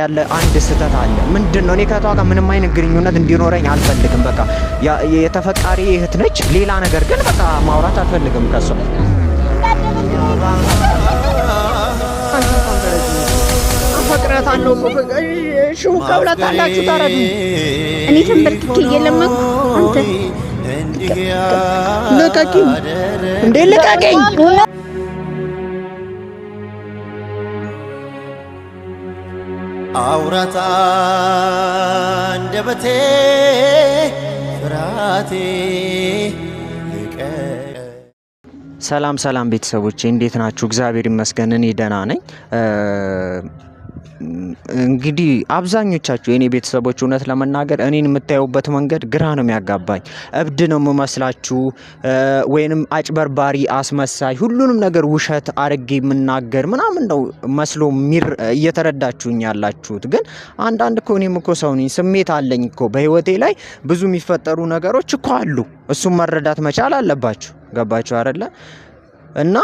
ያለ አንድ ስህተት አለ። ምንድን ነው? እኔ ከቷ ጋር ምንም አይነት ግንኙነት እንዲኖረኝ አልፈልግም። በቃ የተፈቃሪ እህት ነች። ሌላ ነገር ግን በቃ ማውራት አልፈልግም ከሷ ፍቅረት አለው ሽሁ ከብላት አላችሁ ታረዱ። እኔ ተንበርክኬ እየለመንኩ አንተ ልቀቂኝ እንዴ ልቀቂኝ። አውራት አንደበቴ ፍርሃቴ ሰላም ሰላም ቤተሰቦቼ እንዴት ናችሁ? እግዚአብሔር ይመስገን እኔ ደህና ነኝ። እንግዲህ አብዛኞቻችሁ የኔ ቤተሰቦች እውነት ለመናገር እኔን የምታዩበት መንገድ ግራ ነው የሚያጋባኝ። እብድ ነው የምመስላችሁ ወይንም አጭበርባሪ፣ አስመሳይ ሁሉንም ነገር ውሸት አድርጌ የምናገር ምናምን ነው መስሎ ሚር እየተረዳችሁኝ ያላችሁት። ግን አንዳንድ እኮ እኔም እኮ ሰው ነኝ፣ ስሜት አለኝ እኮ በህይወቴ ላይ ብዙ የሚፈጠሩ ነገሮች እኮ አሉ። እሱም መረዳት መቻል አለባችሁ። ገባችሁ አይደለ እና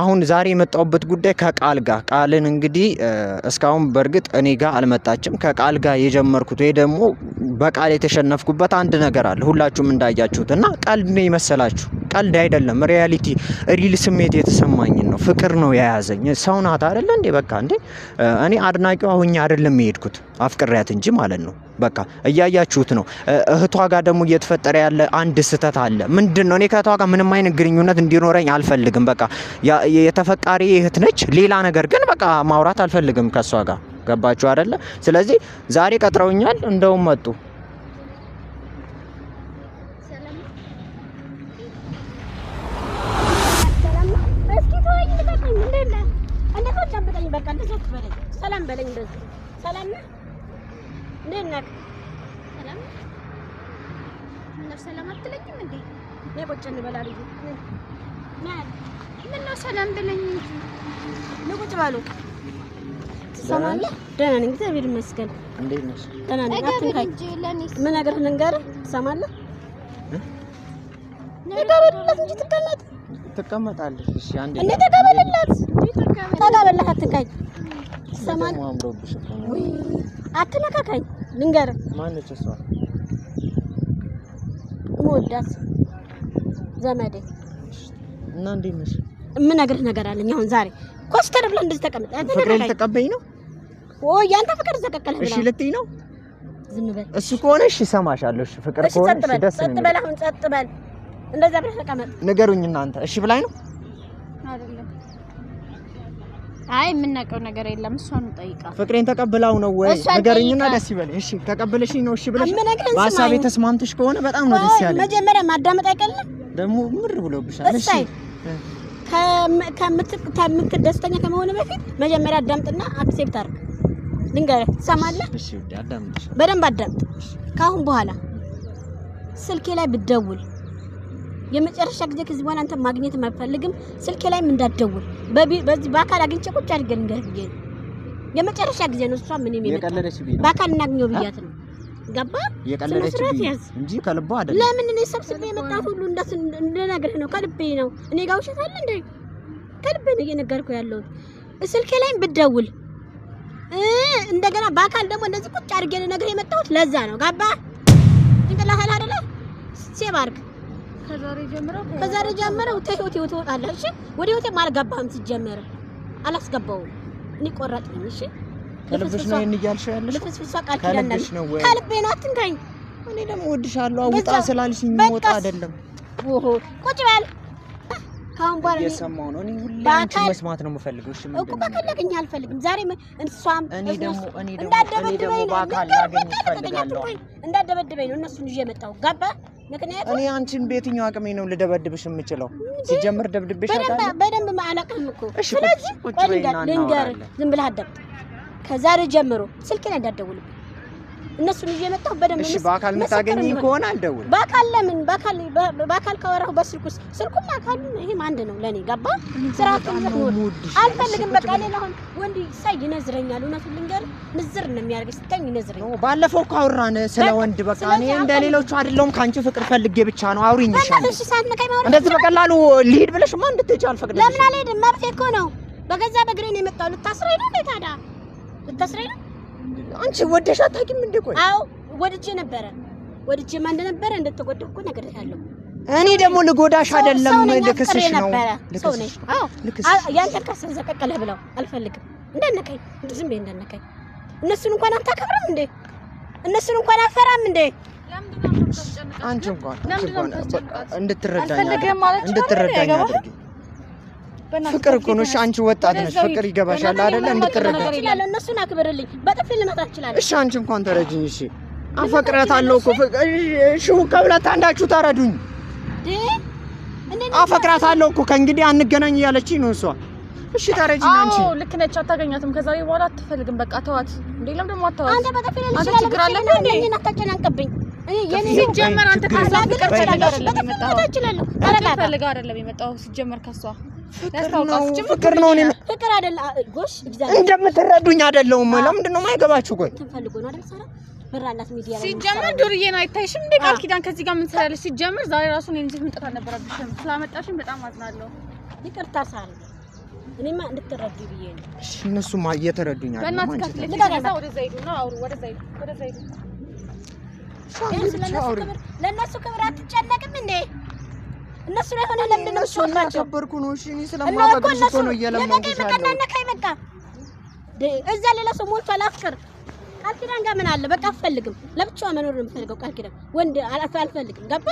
አሁን ዛሬ የመጣውበት ጉዳይ ከቃል ጋር ቃልን እንግዲህ እስካሁን በእርግጥ እኔ ጋር አልመጣችም። ከቃል ጋር የጀመርኩት ወይ ደግሞ በቃል የተሸነፍኩበት አንድ ነገር አለ ሁላችሁም እንዳያችሁት እና ቀልድ ነው ይመሰላችሁ ቀልድ አይደለም፣ ሪያሊቲ ሪል ስሜት የተሰማኝን ነው። ፍቅር ነው የያዘኝ። ሰው ናት አይደለ እንዴ? በቃ እንዴ እኔ አድናቂው አሁኛ አይደለም የሄድኩት አፍቅሪያት እንጂ ማለት ነው። በቃ እያያችሁት ነው። እህቷ ጋር ደግሞ እየተፈጠረ ያለ አንድ ስህተት አለ። ምንድን ነው? እኔ ከእህቷ ጋር ምንም አይነት ግንኙነት እንዲኖረኝ አልፈልግም። በቃ የተፈቃሪ እህት ነች። ሌላ ነገር ግን በቃ ማውራት አልፈልግም ከእሷ ጋር ገባችሁ አደለ? ስለዚህ ዛሬ ቀጥረውኛል፣ እንደውም መጡ በለኝ፣ ሰላም በለኝ። እንደዚህ ሰላም ነህ? እንዴት ነህ? ሰላም ነው። ሰላም አትለኝም እንዴ? እኔ ቁጭ እንበላ ልጅ ምን ነው ሰላም በለኝ። ቁጭ በሉ። ትሰማለህ? ደህና ነኝ፣ እግዚአብሔር ይመስገን። እንዴት ነሽ? ደህና ነኝ። አትንካኝ። ምን ነገር ልንገርህ? ትሰማለህ? ንገረላት እንጂ ትቀመጥ ትቀመጣለች። እሺ አንዴ እንደ ተቀበልላት ተቀበልላት አትንካኝ አትሰማን አትነካካኝ። ልንገርህ ማነች እሷ እምወዳት ዘመዴ እና እንዴት ነሽ የምነግርህ ነገር አለኝ። አሁን ዛሬ ኮስተር ብለህ እንደዚህ ተቀምጠህ ፍቅሬን ልትቀበይኝ ነው? ኦ ያንተ ፍቅር ዘቀቀለህ ብላ እሺ ልትይ ነው? ዝም በል እሱ ከሆነ እሺ እሰማሻለሁ። እሺ ፍቅር ከሆነ እሺ ደስ ነው። ጸጥ በል አሁን ጸጥ በል። እንደዛ ብለህ ተቀመጥ። ንገሩኝ እናንተ እሺ ብላኝ ነው አይደለም አይ የምናውቀው ነገር የለም። እሷን ጠይቃ ፍቅሬን ተቀብላው ነው ወይ ንገረኝና ደስ ይበል። እሺ ተቀበለሽኝ ነው እሺ ብለሽ በሀሳቤ ተስማምተሽ ከሆነ በጣም ነው ደስ ያለኝ። መጀመሪያ ማዳመጥ አይቀልም ደግሞ ምር ብሎብሻል። እሺ ከምት ደስተኛ ከመሆን በፊት መጀመሪያ አዳምጥና አክሴፕት አድርግ። ልንገርህ፣ ትሰማለህ? በደንብ አዳምጥ። ካሁን በኋላ ስልኬ ላይ ብደውል የመጨረሻ ጊዜ ከዚህ በኋላ አንተ ማግኘትም አልፈልግም። ስልኬ ላይም እንዳትደውል በዚህ በአካል አግኝቼ ቁጭ አድርገን እንገርግ። የመጨረሻ ጊዜ ነው። እሷ ምን የቀለደች በአካል እናግኘው ብያት ነው። ገባ የቀለደች ያዝ እንጂ ከልቦ አይደለም። ለምን እኔ ሰብስቤ የመጣሁት ሁሉ እንደነገርህ ነው። ከልቤ ነው። እኔ ጋር ውሸት አለ እንዴ? ከልቤ ነው እየነገርኩ ያለሁት። ስልኬ ላይም ብደውል እንደገና በአካል ደግሞ እንደዚህ ቁጭ አድርገን ነገር የመጣሁት ለዛ ነው። ገባ ጭንቅላት አይደለ ሴባርክ ከዛሬ ጀምረው ከህይወቴ ትወጣለህ። እሺ፣ ወደ ህይወቴ አልገባህም። ሲጀመር አላስገባውም። እኔ ቆረጥ ነኝ። እሺ፣ ከልብሽ ነው እንያልሽ ያለሽ። ልፍስፍሷ ቃል ኪዳን ነው። ከልቤ ነው። አትንካኝ። እኔ ደግሞ እወድሻለሁ። አውጣ ስላልሽኝ ወጣ አይደለም። ኦሆ፣ ቁጭ በል። ካሁን በኋላ እየሰማሁ ነው። እኔ ሁሌ አንቺን መስማት ነው የምፈልገው። እሺ፣ እኮ ከፈለግኝ አልፈልግም። ዛሬ እሷም እኔ ደግሞ እኔ ደግሞ እንዳደበድበኝ ነው። እንዳደበድበኝ ነው። እነሱን ይዤ መጣሁ። ገባህ? እኔ አንቺን በየትኛው አቅሜ ነው ልደበድብሽ የምችለው? ሲጀምር ደብድብሽ በደንብ አላውቅም እኮ ስለዚህ፣ ልንገርህ ዝም ብለህ አዳምጥ። ከዛሬ ጀምሮ ስልኬን እንዳትደውልብኝ እነሱን እየመጣሁ በደንብ እሺ። በአካል የምታገኝ ከሆነ አልደውልም። በአካል ለምን በአካል በአካል ካወራሁ በስልኩ ስልኩም አካሉ ይሄም አንድ ነው ለኔ ገባ። ስራቱን ዘግኖ አልፈልግም። በቃ ሌላ አሁን ወንድ ሳይ ይነዝረኛል። እውነቱን ልንገር ንዝር ነው የሚያደርገኝ። ስትቀኝ ይነዝረኛል። ባለፈው እኮ አወራን ስለ ወንድ። በቃ እኔ እንደሌሎቹ አይደለሁም። ከአንቺ ፍቅር ፈልጌ ብቻ ነው አውሪኝ። ይሻል እንደዚህ በቀላሉ ልሂድ ብለሽማ እንድትሄጂ አልፈቅድልሽም። ለምን አልሄድም? መብቴ እኮ ነው። በገዛ በእግሬ ነው የመጣሁት። ልታስረኝ ነው ታዲያ? ልታስረኝ ነው አንቺ ወደሽ አታውቂም እንዴ? ቆይ አዎ፣ ወድጄ ነበረ። ወድጄማ እንደነበረ እንደተጎዳሁ እኮ እነግርሻለሁ። እኔ ደግሞ ልጎዳሽ አይደለም፣ ልክስሽ ነው። ሰው ነሽ። አዎ፣ ያንተ ከሰል ዘቀቀለህ ብለው አልፈልግም። እንደነከኝ ዝም ብዬ እንዳነካኝ። እነሱን እንኳን አታከብርም እንዴ? እነሱን እንኳን አፈራም እንዴ? አንቺ እንኳን እንድትረዳኝ አድርጊ ፍቅር እኮ ነው። እሺ አንቺ ወጣት ነሽ፣ ፍቅር ይገባሻል አይደለ? እንድትረዳ እነሱን አክብርልኝ። በጥፊ ልመታት እችላለሁ። እሺ አንቺ እንኳን ተረጅኝ። እሺ አፈቅራታለሁ እኮ እሺ፣ ከሁለት አንዳችሁ ተረዱኝ። አፈቅራታለሁ እኮ ከእንግዲህ አንገናኝ እያለችኝ ነው እሷ። እሺ ተረጅኝ። አንቺ ልክ ነች፣ አታገኛትም። ከዛሬ በኋላ አትፈልግም። በቃ ተዋት። እንዴ ለምን ደግሞ አትተዋት? አንተ በጥፊ ልመታት እችላለሁ። እኔ አታጨናንቅብኝ ሲጀመር አንተ ካሳ ፍቅር ትላለህ። በጥፊ ልመታት እችላለሁ። አረጋ አይደለም የመጣው ሲጀመር ከሷ ፍቅር ነው። እኔ ፍቅር አይደለ ጎሽ፣ እግዚአብሔር እንደምትረዱኝ አይደለሁም። ለምንድን ነው የማይገባችሁ? ቆይ ሲጀመር ዱርዬ ነው አይታይሽም እንዴ? ቃል ኪዳን ከዚህ ጋር ምን ትላለች? ሲጀመር ዛሬ ራሱ እኔ እንጂ መምጣት አልነበረብሽም። ስላመጣሽም በጣም አዝናለሁ። ይቅርታ ሳሪ፣ እኔማ እንድትረዱ ብዬ ነው። እሺ፣ እነሱማ እየተረዱኝ አይደለም። ለእነሱ ክብር አትጨነቅም እንዴ? እነሱ ላይ ሆነ ለምንድን ነው የምትሾማቸው? ከበርኩ ነው እሺ። እኔ ስለማፈቅርሽ እኮ ነው እየለመንኩሽ ያለው። ነካኝ በቃ እዛ ሌላ ሰው ሞልቷል። አፍቅር ቃል ኪዳን ጋር ምን አለ? በቃ አልፈልግም። ለብቻዋ መኖር ነው የምፈልገው። ቃል ኪዳን ወንድ አልፈልግም። ገባ?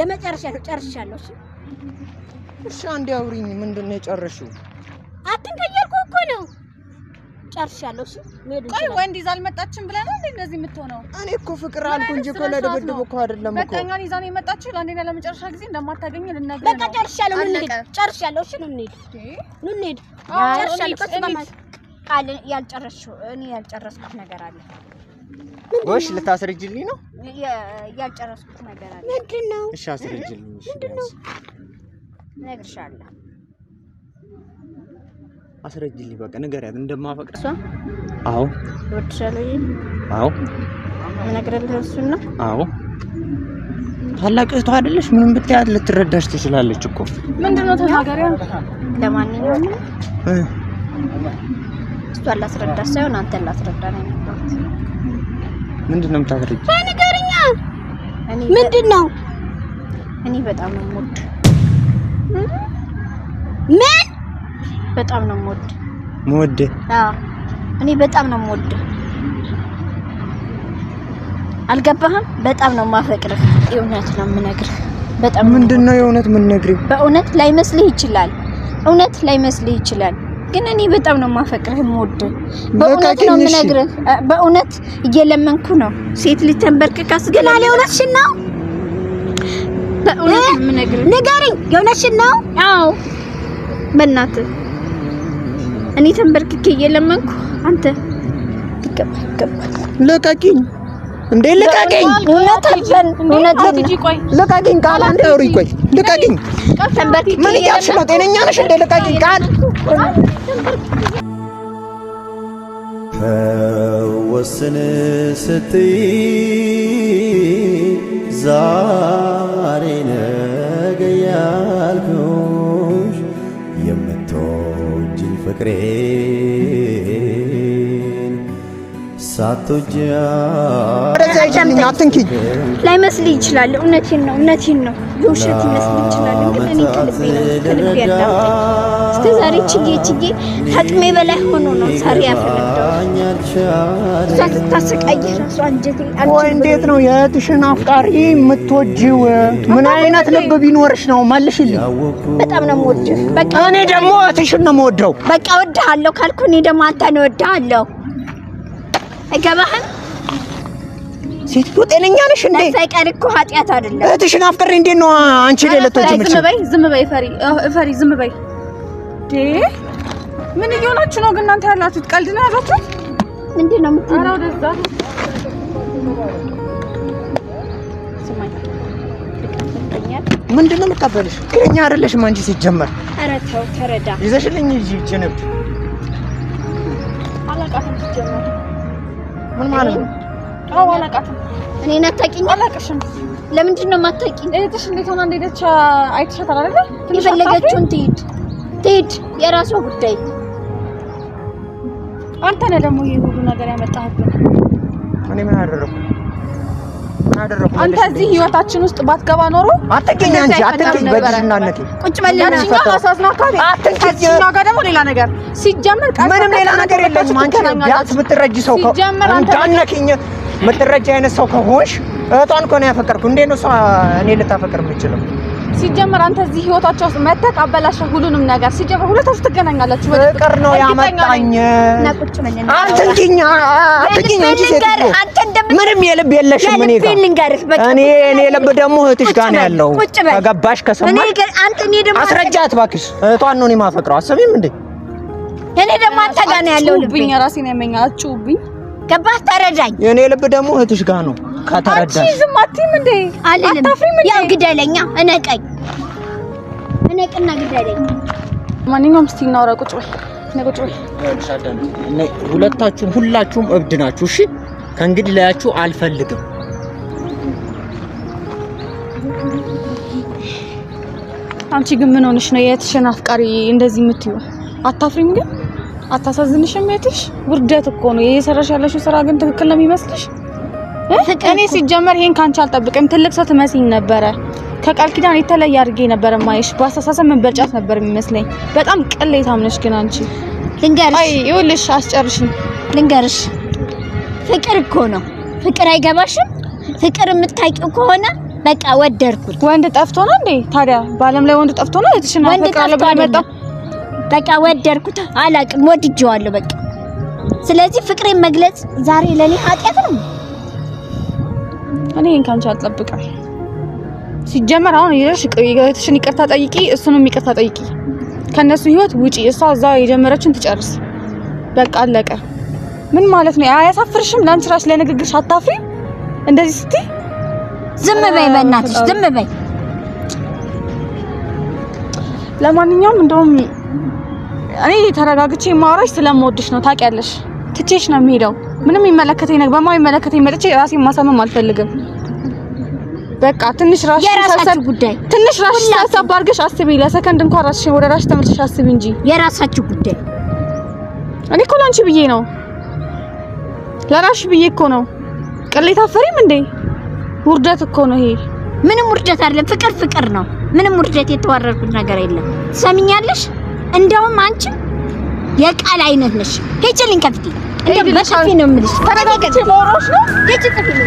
የመጨረሻ ነው። ጨርሻለሁ። እሺ፣ እሺ። አንዴ አውሪኝ። ምንድን ነው የጨረሽው? አትንቀየርኩ እኮ ነው ጨርሻለሁ። እሺ መሄድ ቆይ፣ ወንድ ይዛ አልመጣችም ብለህ ነው እንደዚህ የምትሆነው? እኔ እኮ ፍቅር አልኩ እንጂ እኮ ለድብድብ እኮ አይደለም እኮ። በቃ እኛን ይዛ ነው የመጣችው። ለአንዴና ለመጨረሻ ጊዜ እንደማታገኝ ልነግርህ ነው። በቃ ጨርሻለሁ። ምን እንሂድ፣ ጨርሻለሁ። እሺ ምን እንሂድ፣ ምን እንሂድ፣ ጨርሻለሁ። ከሱ ጋር ቃል ያልጨረስሽው እኔ ያልጨረስኩት ነገር አለ። ጎሽ ልታስረጅልኝ ነው? ያልጨረስኩት ነገር አለ። ምንድን ነው? እሺ አስረጅልኝ። እሺ ነው? እነግርሻለሁ አስረጅልኝ በቃ ንገሪያት እንደማፈቅር። እሷ አዎ፣ እወድሻለሁ። አዎ፣ እነግርልህ እሱን ነው። አዎ፣ ታላቅ እህቷ አይደለሽ? ምንም ብትያት ልትረዳሽ ትችላለች እኮ። ምንድነው ተናገሪያ። ለማንኛውም እሷን ላስረዳሽ ሳይሆን አንተን ላስረዳ ነው የሚባሉት። ምንድነው የምታስረጅ? ንገሪኛ። ምንድን እኔ በጣም ነው የምወድ በጣም ነው የምወድ የምወድ አዎ እኔ በጣም ነው የምወድ አልገባህም በጣም ነው የማፈቅርህ የእውነት ነው የምነግርህ በጣም ምንድን ነው የእውነት የምነግርህ በእውነት ላይመስልህ ይችላል እውነት ላይመስልህ ይችላል ግን እኔ በጣም ነው የማፈቅርህ የምወድህ በእውነት ነው የምነግርህ በእውነት እየለመንኩ ነው ሴት ልጅ ተንበርክካ ግን አለ እውነትሽን ነው በእውነት የምነግርህ ንገሪኝ የእውነትሽን ነው አዎ በእናትህ እኔ ተንበርክኬ እየለመንኩ አንተ ይገባ ልቀቂኝ እንዴ ልቀቂኝ! እውነታችን እውነታችን ልቀቂኝ ቃል አንዴ አውሪ። ቆይ ልቀቂኝ። ምን እያልሽ ነው? ጤነኛ ነሽ እንዴ? ልቀቂኝ ቃል ከወስን ስትይ ዛሬ ነገ ያልኩ ፍቅሬን ሳቶጃ አትንኪኝ። ላይመስልህ ይችላል። እውነቴን ነው፣ እውነቴን ነው። የውሸት ይመስልህ ይችላል፣ ግን እኔ ከልቤ ነው ከልቤ ያዳምጠኝ እስከ ዛሬ ችዬ ችዬ ከአቅሜ በላይ ሆኖ ነው ዛሬ ያፈነዳው። እሷ ስታሰቃይ ራሱ አንጀቴ ወይ እንዴት ነው የእህትሽን አፍቃሪ የምትወጂው? ምን አይነት ልብ ቢኖርሽ ነው መልሽልኝ። በጣም ነው የምወድህ። በቃ እኔ ደግሞ እህትሽን ነው የምወደው። በቃ እወድሃለሁ ካልኩ እኔ ደግሞ አንተን እወድሃለሁ። አይገባህም? ሴትዮ ጤነኛ ነሽ እንዴ? ሳይቀር እኮ ኃጢያት አይደለም። እህትሽን አፍቅሬ እንዴት ነው አንቺ ላይ ልትወጪ የምትችይው? ዝም በይ፣ ዝም በይ ፈሪ፣ ፈሪ ዝም በይ። ምን እየሆናችሁ ነው ግን እናንተ ያላችሁት? ቀልድ ነው ያላችሁት? ምንድን ነው የምትለው? ኧረ ወደዛ ምንድን ነው የምቀበልሽ? ቅለኛ አይደለሽም አንቺ ሲጀመር። ኧረ ተው ተረዳ። ይዘሽልኝ እንጂ ጭንብት አላውቃትም። ሲጀመር ምን ማለት ነው? አዎ አላውቃትም። እኔን አታውቂኝም? አላውቅሽም። ለምንድን ነው የማታውቂኝ? እህትሽ እንዴት ሆና እንደሄደች አይተሻታል አይደል? የፈለገችውን ትሂድ ትሄድ፣ የራሷ ጉዳይ። አንተ ነህ ደግሞ ይሄ ሁሉ ነገር ያመጣህብን። እኔ ምን አደረኩ? አንተ እዚህ ህይወታችን ውስጥ ባትገባ ኖሮ አትገኝ እንጂ አትገኝ። በልጅናነቴ ቁጭ መለኛችኛው ማሳዝና ጋር ደግሞ ሌላ ነገር ሲጀመር ምንም ሌላ ነገር የለም። አንቺ ቢያንስ ብትረጂ ሰው እንዳነኪኝ የምትረጂ አይነት ሰው ከሆንሽ እህቷን እኮ ነው ያፈቀርኩ። እንዴት ነው እሷ እኔ ልታፈቅር የምችለው? ሲጀመር አንተ እዚህ ህይወታቸው ውስጥ መተህ አበላሸ ሁሉንም ነገር። ሲጀመር ሁለታችሁ ትገናኛላችሁ። ፍቅር ነው ያመጣኝ አንተ እንጂ እኛ እንጂ እንጂ ምንም የልብ የለሽም። እኔ ጋር እኔ እኔ ልብ ደግሞ እህትሽ ጋር ነው ያለው። ከገባሽ ከሰማሽ አስረጃት እባክሽ። እህቷን ነው እኔ የማፈቅረው። አሰሚም እንዴ እኔ ደግሞ አንተ ጋር ነው ያለው። ልብኝ ራሴን ያመኛል። አትጩውብኝ ገባህ? ተረዳኝ። የኔ ልብ ደግሞ እህትሽ ጋር ነው። ከተረዳሽ አንቺ ዝም አትይም እንዴ? አታፍሪም? ያው ግደለኛ፣ እነቀኝ፣ እነቅና ግደለኝ። ማንኛውም እስቲ እናወራ። ቁጭ በይ፣ ቁጭ በይ። ሁለታችሁም ሁላችሁም እብድ ናችሁ። እሺ፣ ከእንግዲህ ላያችሁ አልፈልግም። አንቺ ግን ምን ሆነሽ ነው የእህትሽን አፍቃሪ እንደዚህ የምትዩ? አታፍሪም ግን አታሳዝንሽም? ቤትሽ ውርደት እኮ ነው። እየሰራሽ ያለሽው ስራ ግን ትክክል ነው የሚመስልሽ? እኔ ሲጀመር ይሄን ካንቺ አልጠብቅም። ትልቅ ሰው ትመስይኝ ነበረ። ከቃል ኪዳን የተለየ አድርጌ ነበር ማየሽ። በአስተሳሰብ መበልጫት ነበር የሚመስለኝ። በጣም ቅሌታም ነሽ ግን አንቺ። ልንገርሽ፣ አይ ይኸውልሽ፣ አስጨርሽኝ። ልንገርሽ፣ ፍቅር እኮ ነው። ፍቅር አይገባሽም። ፍቅር የምታውቂው ከሆነ በቃ ወደድኩት። ወንድ ጠፍቶ ነው እንዴ ታዲያ? በዓለም ላይ ወንድ ጠፍቶ ነው? ፍቅር አፈቅራለሁ ብላ መጣ በቃ ወደድኩት፣ አላቅም፣ ወድጄዋለሁ በቃ። ስለዚህ ፍቅሬን መግለጽ ዛሬ ለኔ ኃጢአት ነው። እኔን ካንቺ አልጠብቅም። ሲጀመር አሁን ይረሽ ይገትሽን ይቅርታ ጠይቂ፣ እሱንም ይቅርታ ጠይቂ። ከነሱ ህይወት ውጪ። እሷ እዛ የጀመረችን ትጨርስ። በቃ አለቀ። ምን ማለት ነው? አያሳፍርሽም? ለአንቺ እራስሽ ለንግግርሽ አታፍሪ? እንደዚህ ስትይ ዝም በይ፣ በእናትሽ ዝም በይ። ለማንኛውም እንደውም እኔ ተረጋግቼ የማወራሽ ስለምወድሽ ነው ታውቂያለሽ። ትቼሽ ነው የሚሄደው። ምንም የሚመለከተኝ ነገር በማይመለከተኝ መጥቼ ራሴን ማሳመም አልፈልግም። በቃ ትንሽ ራስሽን ጉዳይ ትንሽ ራስሽን ሳሳብ አድርገሽ አስቢ። ለሰከንድ እንኳን ራስሽን ወደ ራስሽ ተመልሰሽ አስቢ እንጂ የራሳችሁ ጉዳይ። እኔ እኮ ላንቺ ብዬ ነው፣ ለራስሽ ብዬ እኮ ነው። ቅሌት አፈሪም እንዴ! ውርደት እኮ ነው ይሄ። ምንም ውርደት አይደለም፣ ፍቅር ፍቅር ነው። ምንም ውርደት የተዋረድኩት ነገር የለም። ትሰሚኛለሽ? እንደውም አንቺ የቃል አይነት ነሽ። ሂጂልኝ ከፍቲ እንደው በሰፊ ነው የምልሽ። ተረጋግጭ ሞሮሽ ነው ሂጂ ጥፊ ነው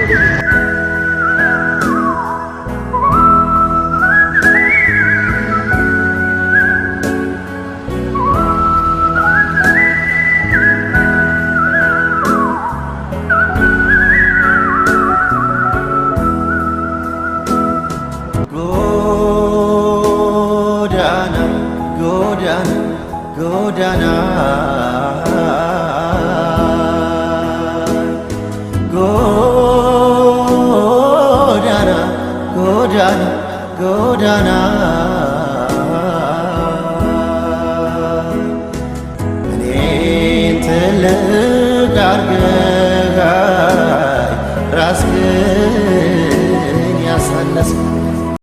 ጎዳና ጎዳና ጎዳና ጎዳና እኔን ትልቅ አድርገህ